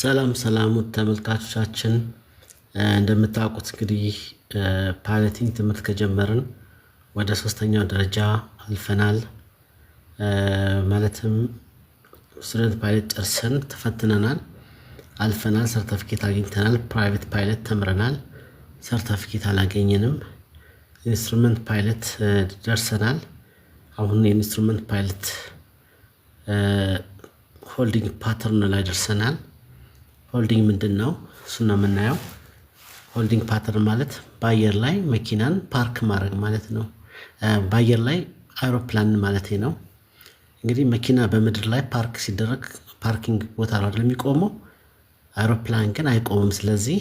ሰላም ሰላሙ ተመልካቾቻችን፣ እንደምታውቁት እንግዲህ ፓይለቲንግ ትምህርት ከጀመርን ወደ ሶስተኛው ደረጃ አልፈናል። ማለትም ስቱደንት ፓይለት ጨርሰን ተፈትነናል፣ አልፈናል፣ ሰርተፊኬት አግኝተናል። ፕራይቬት ፓይለት ተምረናል፣ ሰርተፊኬት አላገኘንም። ኢንስትሩመንት ፓይለት ደርሰናል። አሁን የኢንስትሩመንት ፓይለት ሆልዲንግ ፓተርን ላይ ደርሰናል። ሆልዲንግ ምንድን ነው? እሱ ነው የምናየው። ሆልዲንግ ፓተርን ማለት በአየር ላይ መኪናን ፓርክ ማድረግ ማለት ነው። በአየር ላይ አይሮፕላን ማለት ነው። እንግዲህ መኪና በምድር ላይ ፓርክ ሲደረግ ፓርኪንግ ቦታ ነው የሚቆመው። አይሮፕላን ግን አይቆምም። ስለዚህ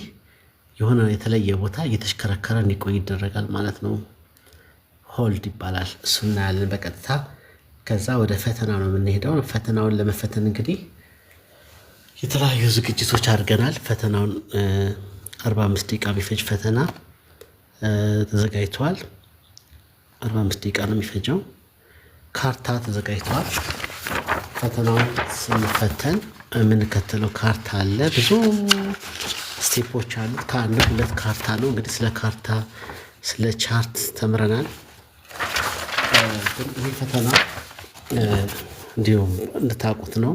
የሆነ የተለየ ቦታ እየተሽከረከረ እንዲቆይ ይደረጋል ማለት ነው። ሆልድ ይባላል። እሱ እናያለን በቀጥታ ከዛ ወደ ፈተና ነው የምንሄደው። ፈተናውን ለመፈተን እንግዲህ የተለያዩ ዝግጅቶች አድርገናል። ፈተናውን አርባ አምስት ደቂቃ ቢፈጅ ፈተና ተዘጋጅተዋል። አርባ አምስት ደቂቃ ነው የሚፈጀው። ካርታ ተዘጋጅተዋል። ፈተናውን ስንፈተን የምንከተለው ካርታ አለ። ብዙ ስቴፖች አሉ። ከአንድ ሁለት ካርታ ነው እንግዲህ። ስለ ካርታ ስለ ቻርት ተምረናል። ይህ ፈተና እንዲሁም እንድታውቁት ነው።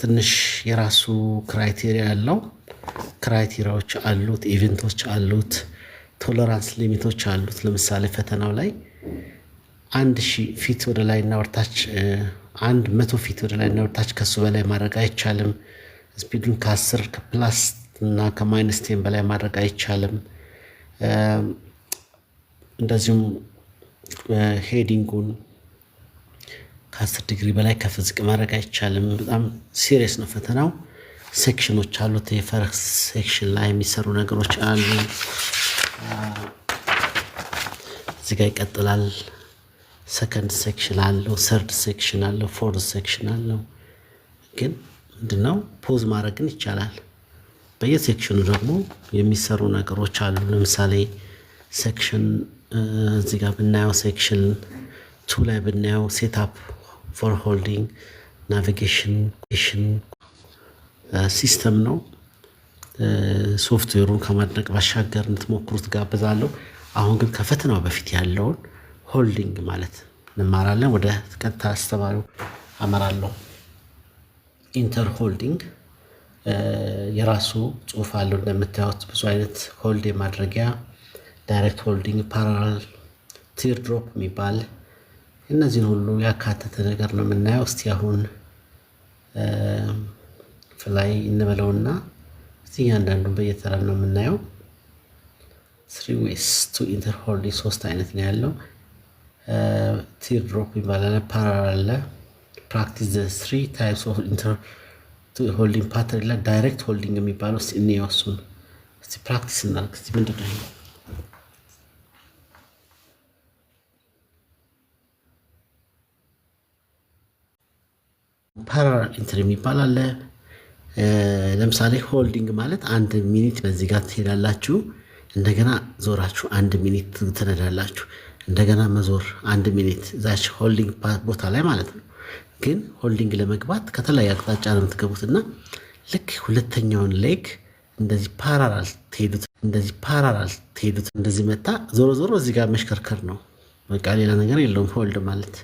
ትንሽ የራሱ ክራይቴሪያ ያለው ክራይቴሪያዎች አሉት፣ ኢቨንቶች አሉት፣ ቶለራንስ ሊሚቶች አሉት። ለምሳሌ ፈተናው ላይ አንድ ሺ ፊት ወደ ላይ እና ወርታች አንድ መቶ ፊት ወደ ላይ እና ወርታች ከሱ በላይ ማድረግ አይቻልም። ስፒዱን ከአስር ከፕላስ እና ከማይነስ ቴን በላይ ማድረግ አይቻልም። እንደዚሁም ሄዲንጉን ከአስር ዲግሪ በላይ ከፍ ዝቅ ማድረግ አይቻልም። በጣም ሲሪየስ ነው ፈተናው። ሴክሽኖች አሉት። የፈረስ ሴክሽን ላይ የሚሰሩ ነገሮች አሉ። እዚህ ጋር ይቀጥላል። ሰከንድ ሴክሽን አለው፣ ሰርድ ሴክሽን አለው፣ ፎርድ ሴክሽን አለው። ግን ምንድነው ፖዝ ማድረግን ይቻላል። በየሴክሽኑ ደግሞ የሚሰሩ ነገሮች አሉ። ለምሳሌ ሴክሽን እዚህ ጋር ብናየው ሴክሽን ቱ ላይ ብናየው ሴት አፕ ፎር ሆልዲንግ ናቪጌሽን ሲስተም ነው። ሶፍትዌሩን uh, ከማድነቅ ባሻገር እንድትሞክሩት ጋብዛለሁ። አሁን ግን ከፈተናው በፊት ያለውን ሆልዲንግ ማለት እንማራለን። ወደ ቀጥታ አስተማሪ አመራለሁ። ኢንተር ሆልዲንግ uh, የራሱ ጽሁፍ አለው። እንደምታዩት ብዙ አይነት ሆልድ ማድረጊያ ዳይሬክት ሆልዲንግ፣ ፓራላል፣ ቲርድሮፕ የሚባል እነዚህን ሁሉ ያካተተ ነገር ነው የምናየው። እስቲ አሁን ፍላይ እንበለውና እስቲ እያንዳንዱን በየተራ ነው የምናየው። ስሪ ዌይስ ቱ ኢንተር ሆሊ ሶስት አይነት ነው ያለው። ቲርድሮፕ ይባላል። ፓራላለ ፕራክቲስ ዘ ስሪ ታይፕስ ኦፍ ኢንተር ሆልዲንግ ፓተርን ይላል። ዳይሬክት ሆልዲንግ የሚባለው እስቲ እንየው እሱን እስቲ ፕራክቲስ እናርግ እስቲ ምንድን ነው ፓራላል ኢንትሪ የሚባል አለ። ለምሳሌ ሆልዲንግ ማለት አንድ ሚኒት በዚህ ጋር ትሄዳላችሁ፣ እንደገና ዞራችሁ አንድ ሚኒት ትነዳላችሁ፣ እንደገና መዞር አንድ ሚኒት እዛች ሆልዲንግ ቦታ ላይ ማለት ነው። ግን ሆልዲንግ ለመግባት ከተለያየ አቅጣጫ ነው የምትገቡት እና ልክ ሁለተኛውን ሌግ እንደዚህ ፓራላል ትሄዱት እንደዚህ ፓራላል ትሄዱት እንደዚህ መታ ዞሮ ዞሮ እዚህ ጋር መሽከርከር ነው። በቃ ሌላ ነገር የለውም ሆልድ ማለት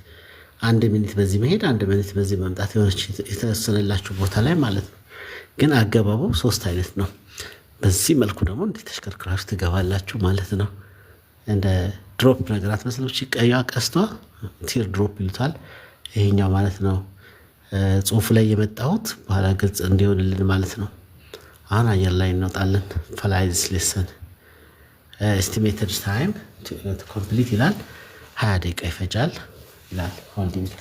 አንድ ሚኒት በዚህ መሄድ አንድ ሚኒት በዚህ መምጣት የሆነች የተወሰነላችሁ ቦታ ላይ ማለት ነው። ግን አገባቡ ሶስት አይነት ነው። በዚህ መልኩ ደግሞ እንደ ተሽከርክራችሁ ትገባላችሁ ማለት ነው። እንደ ድሮፕ ነገር አትመስልም። ቀያ ቀስቷ ቲር ድሮፕ ይሉታል ይሄኛው ማለት ነው። ጽሁፉ ላይ የመጣሁት በኋላ ግልጽ እንዲሆንልን ማለት ነው። አሁን አየር ላይ እንወጣለን። ፈላይዝ ሌሰን ኤስቲሜትድ ታይም ኮምፕሊት ይላል። ሀያ ደቂቃ ይፈጃል። ይላል ሆልዲንግ።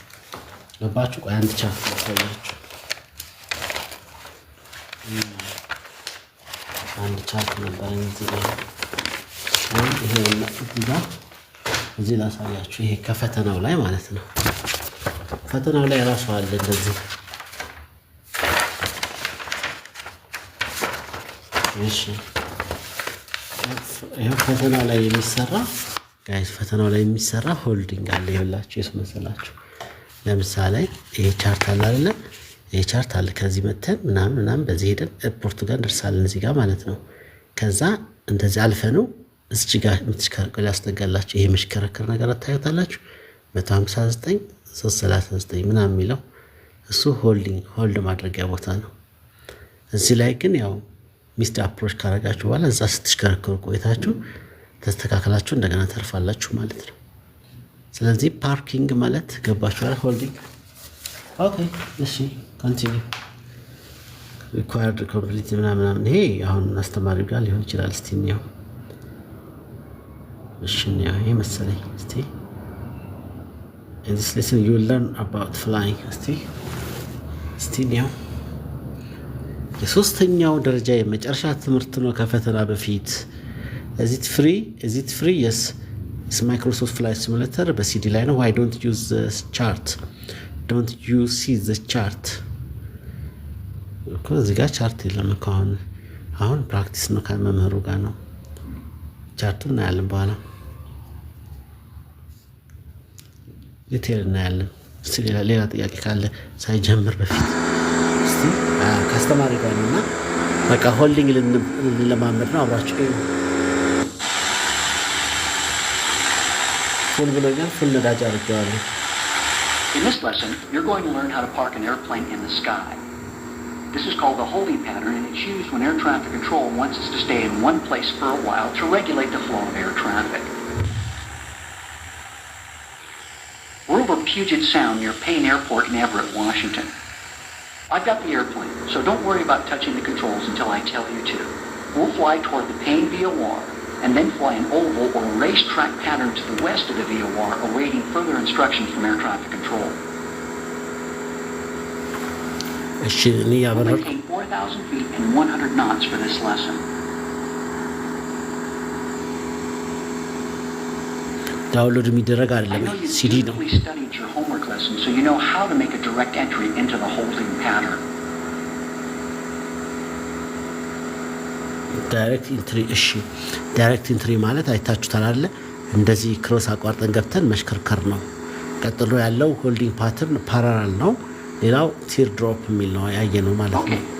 ገባችሁ? ቆይ አንድ ቻፍ ያሳያችሁ። አንድ ቻፍ ነበረኝ እዚህ ላይ እዚህ ላሳያችሁ። ይሄ ከፈተናው ላይ ማለት ነው። ፈተናው ላይ ራሱ አለ እንደዚህ። እሺ ይሄ ፈተናው ላይ የሚሰራ ጋይስ ፈተናው ላይ የሚሰራ ሆልዲንግ አለ። ይኸውላችሁ የሱ መሰላችሁ። ለምሳሌ ይሄ ቻርት አለ አይደለ? ይሄ ቻርት አለ። ከዚህ መተን ምናምን ምናምን በዚህ ሄደን ፖርቱጋል ደርሳለን እዚህ ጋር ማለት ነው። ከዛ እንደዚህ አልፈ ነው እዚህ ጋር የምትሽከረከሩ ያስጠጋላችሁ። ይሄ የሚሽከረከር ነገር አታዩታላችሁ 159 339 ምናምን የሚለው እሱ ሆልዲንግ ሆልድ ማድረጊያ ቦታ ነው። እዚህ ላይ ግን ያው ሚስት አፕሮች ካረጋችሁ በኋላ እዛ ስትሽከረከሩ ቆይታችሁ ተስተካከላችሁ እንደገና ተርፋላችሁ ማለት ነው። ስለዚህ ፓርኪንግ ማለት ገባችኋል። ሆልዲንግ ኦኬ፣ እሺ፣ ኮንቲኒው ሪኳርድ ኮምፕሊት ይሄ አሁን አስተማሪ ጋር ሊሆን ይችላል። እስቲ እኒያው፣ እሺ፣ ይሄ መሰለኝ። እስቲ ዚስ ዩ ለርን አባውት ፍላይንግ። እስቲ እስቲ የሶስተኛው ደረጃ የመጨረሻ ትምህርት ነው ከፈተና በፊት እዚት ፍሪ እዚት ፍሪ የስ ማይክሮሶፍት ፍላይት ሲሙሌተር በሲዲ ላይ ነው። ዋይ ዶንት ዩዝ ቻርት ዶንት ዩ ሲ ዘ ቻርት እኮ እዚህ ጋር ቻርት የለም እኮ አሁን አሁን ፕራክቲስ ነው ከመምህሩ ጋር ነው። ቻርቱ እናያለን በኋላ ዲቴል እናያለን። ሌላ ጥያቄ ካለ ሳይጀምር በፊት እስቲ ካስተማሪ ጋር እና በቃ ሆልዲንግ ልንለማመድ ነው አብራችሁ In this lesson, you're going to learn how to park an airplane in the sky. This is called the holding pattern, and it's used when air traffic control wants us to stay in one place for a while to regulate the flow of air traffic. We're over Puget Sound near Payne Airport in Everett, Washington. I've got the airplane, so don't worry about touching the controls until I tell you to. We'll fly toward the Payne VOR, and then fly an oval or racetrack pattern to the west of the VOR awaiting further instructions from air traffic control. Maintain 4,000 feet and 100 knots for this lesson. Download me direct I know you've Studied your homework lesson, so you know how to make a direct entry into the holding pattern. ዳይሬክት ኢንትሪ እሺ፣ ዳይሬክት ኢንትሪ ማለት አይታችሁታል አለ እንደዚህ ክሮስ አቋርጠን ገብተን መሽከርከር ነው። ቀጥሎ ያለው ሆልዲንግ ፓተርን ፓራላል ነው። ሌላው ቲር ድሮፕ የሚል ነው ያየ ነው ማለት ነው።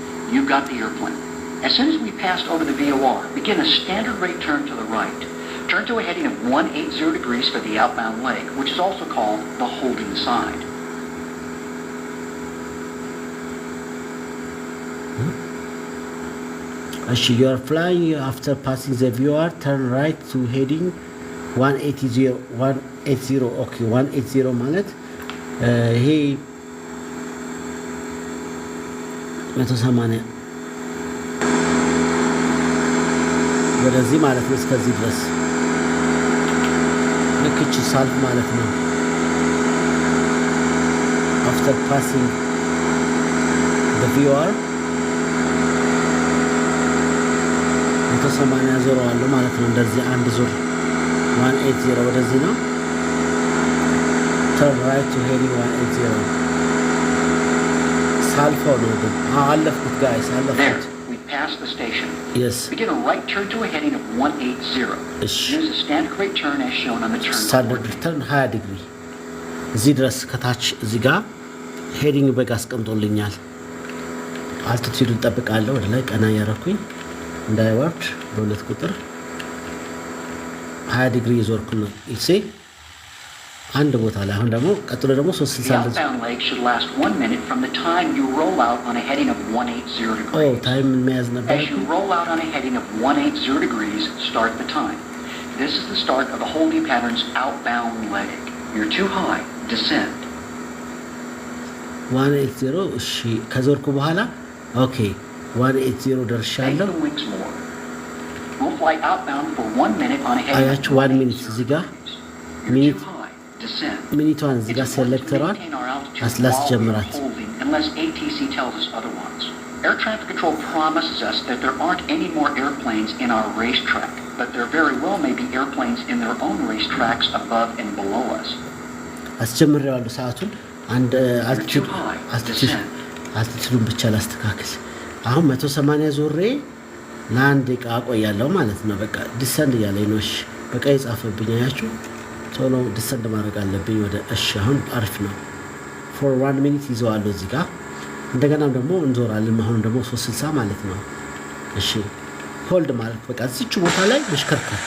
Turn to a heading of 180 degrees for the outbound leg, which is also called the holding side. As you are flying after passing the viewer, turn right to heading 180, 180 okay 180 ማለት ይሄ 180 ወደዚህ ማለት ነው። እስከዚህ ድረስ ልክች ሳልፍ ማለት ነው። አፍተር ፓሲንግ the VR 180 ዞሮ አለ ማለት ነው። እንደዚህ አንድ ዙር 180 ወደዚህ ነው። ተርን ራይት ቱ ሄዲንግ 180 ሳልፈው ነው ግን አለፍኩት። ጋይስ አለፍኩት። ስታንዳርድ ተርን 20 ዲግሪ እዚህ ድረስ ከታች እዚህ ጋር ሄዲንግ በግ አስቀምጦልኛል። አልቲቲዩድ እንጠብቃለሁ። ወደ ላይ ቀና እያረኩኝ እንዳይዋርድ በሁለት ቁጥር 20 ዲግሪ የዞርኩ ነው ኢሴ አንድ ቦታ ላይ አሁን ደግሞ ቀጥሎ ደግሞ 360 ታይም መያዝ ነበር። This is the start of a holding pattern's outbound leg. You're too high. Descend. 180 እሺ ከዞርኩ በኋላ ኦኬ ዋን ኤት ዜሮ ደርሻለሁ። አያችሁ ዋን ሚኒት እዚህ ጋር ሚኒቷን እዚህ ጋር ሰለክተሯን ላስጀምራት። አስጀምሬዋለሁ። ሰዓቱን አልትቱዱን ብቻ ላስተካክል። አሁን መቶ ሰማንያ ዞሬ ለአንድ እቃ አቆያለሁ ማለት ነው። በቃ ዲሰንድ እያለኝ ነው። እሺ በቃ የጻፈብኝ አያችሁ፣ ቶሎ ዲሰንድ ማድረግ አለብኝ ወደ እሺ። አሁን አሪፍ ነው። ፎር ዋን ሚኒት ይዘዋለሁ እዚህ ጋር። እንደገና ደግሞ እንዞራለን። አሁን ደግሞ ሶስት ስልሳ ማለት ነው። እሺ ሆልድ ማለት በቃ እዚች ቦታ ላይ መሽከርከር፣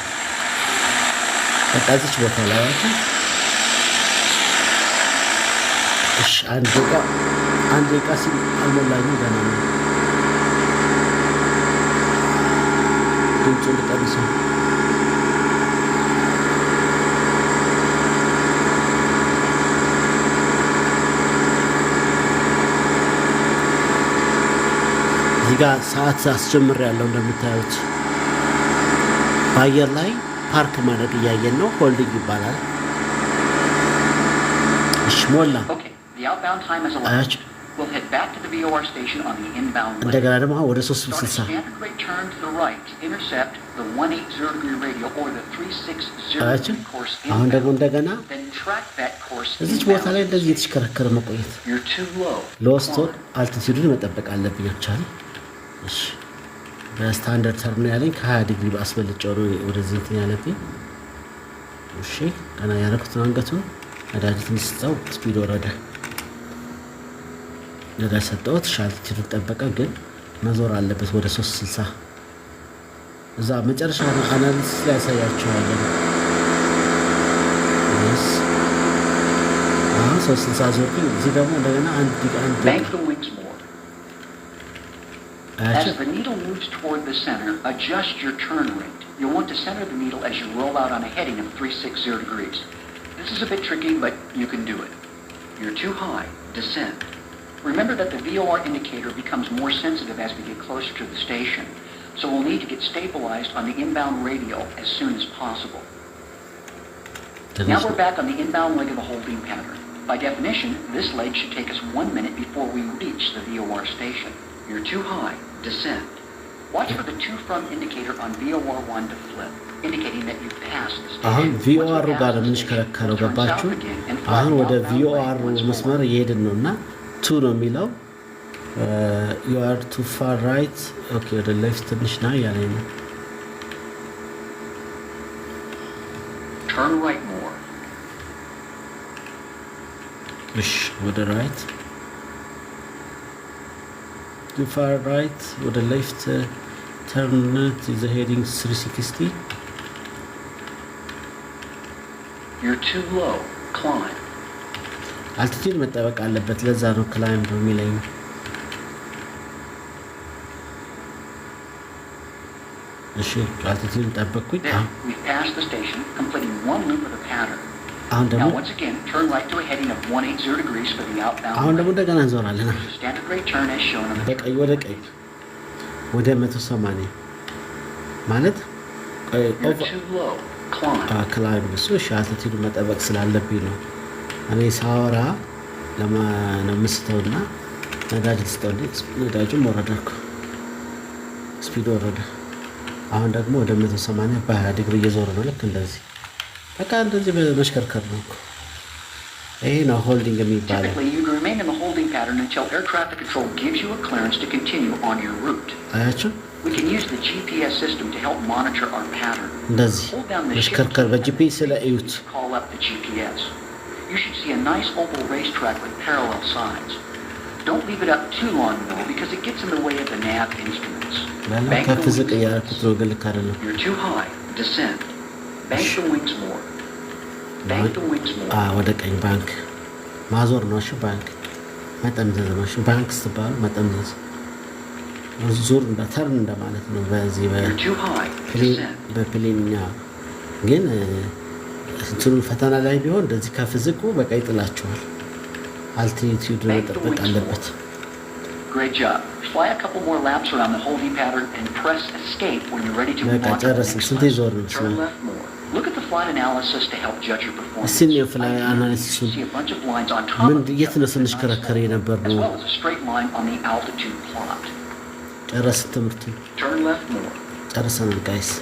በቃ እዚች ቦታ ላይ አያችሁ። እሺ አንድ እቃ አንድ እቃ ሲል አልሞላኝ ገና ነው ድምፁን ልቀንሰው። እዚህ ሰዓት አስጀምር ያለው እንደምታዩት በአየር ላይ ፓርክ ማድረግ እያየን ነው። ሆልዲንግ ይባላል። እሽ ሞላ አያቸው እንደገና ደግሞ ወደ 360 አሁን ደግሞ እንደገና እዚች ቦታ ላይ እንደዚህ የተሽከረከረ መቆየት ሎስቶን አልቲቲዩድን መጠበቅ አለብኝ። አቻለ በስታንዳርድ ተርም ያለኝ ከ20 ዲግሪ በአስበልጬ ወደዚህ እንትን ያለብኝ። እሺ ያረኩትን አንገቱን ነዳጅ ትንስጠው ስፒድ ወረደ። As the needle moves toward the center, adjust your turn rate. You'll want to center the needle as you roll out on a heading of 360 degrees. This is a bit tricky, but you can do it. You're too high. Descend. Remember that the VOR indicator becomes more sensitive as we get closer to the station, so we'll need to get stabilized on the inbound radial as soon as possible. Now we're back on the inbound leg of the holding pattern. By definition, this leg should take us one minute before we reach the VOR station. You're too high. Descend. Watch for the two from indicator on VOR 1 to flip. አሁን ቪኦአሩ ጋር ነው የምንሽከረከረው ገባችሁ አሁን ወደ ቪኦአሩ መስመር እየሄድን ነው እና ቱ ነው የሚለው ዩአር ቱ ፋር ራይት ኦኬ፣ ወደ ሌፍት ትንሽ ና እያለኝ ነው። እሺ፣ ወደ ራይት ቱ ፋር ራይት፣ ወደ ሌፍት ተርን ዘ ሄዲንግ 360 You're too low. Climb. አልቲቲዩድ መጠበቅ አለበት። ለዛ ነው ክላይምብ የሚለኝ። እሺ አልቲቲዩድ ጠበቅኩኝ። አሁን ደግሞ አሁን ደግሞ እንደገና እንዞራለን በቀይ ወደ ቀይ ወደ 180 ማለት ክላይምብ እሱ አልቲቲዩድ መጠበቅ ስላለብኝ ነው። እኔ ሳወራ ለምስተውና ነዳጅ ልስጠው። ነዳጁም ወረደኩ፣ ስፒድ ወረደ። አሁን ደግሞ ወደ 180 በ20 ዲግሪ እየዞረ ነው። ልክ እንደዚህ በቃ እንደዚህ በመሽከርከር ነው እኮ ይሄ ነው ሆልዲንግ የሚባለው። አያችሁ እንደዚህ መሽከርከር በጂፒኤስ ላይ እዩት። you should see a nice oval racetrack with parallel sides. Don't leave it up too long though, because it gets in the way of the nav instruments. Bank the wings. You're too high. Descend. Bank the wings more. Bank the wings more. Ah, what a bank. ማዞር ነው። እሺ ባንክ መጠምዘዝ ነው። እሺ ባንክ ስትባል መጠምዘዝ ዙር እንደ ተርን እንደማለት ነው። በዚህ በፕሌን እኛ ግን እንትኑ ፈተና ላይ ቢሆን እንደዚህ ከፍ ዝቁ በቃ ይጥላቸዋል። አልቲቲዩድ መጠበቅ አለበት። በቃ ጨረስን። ስንት ይዞር ነው? እስኪ ፍላይ አናሊሲሱን የት ነው ስንሽከረከር የነበር ነው? ጨረስን። ትምህርቱን ጨርሰናል ጋይስ።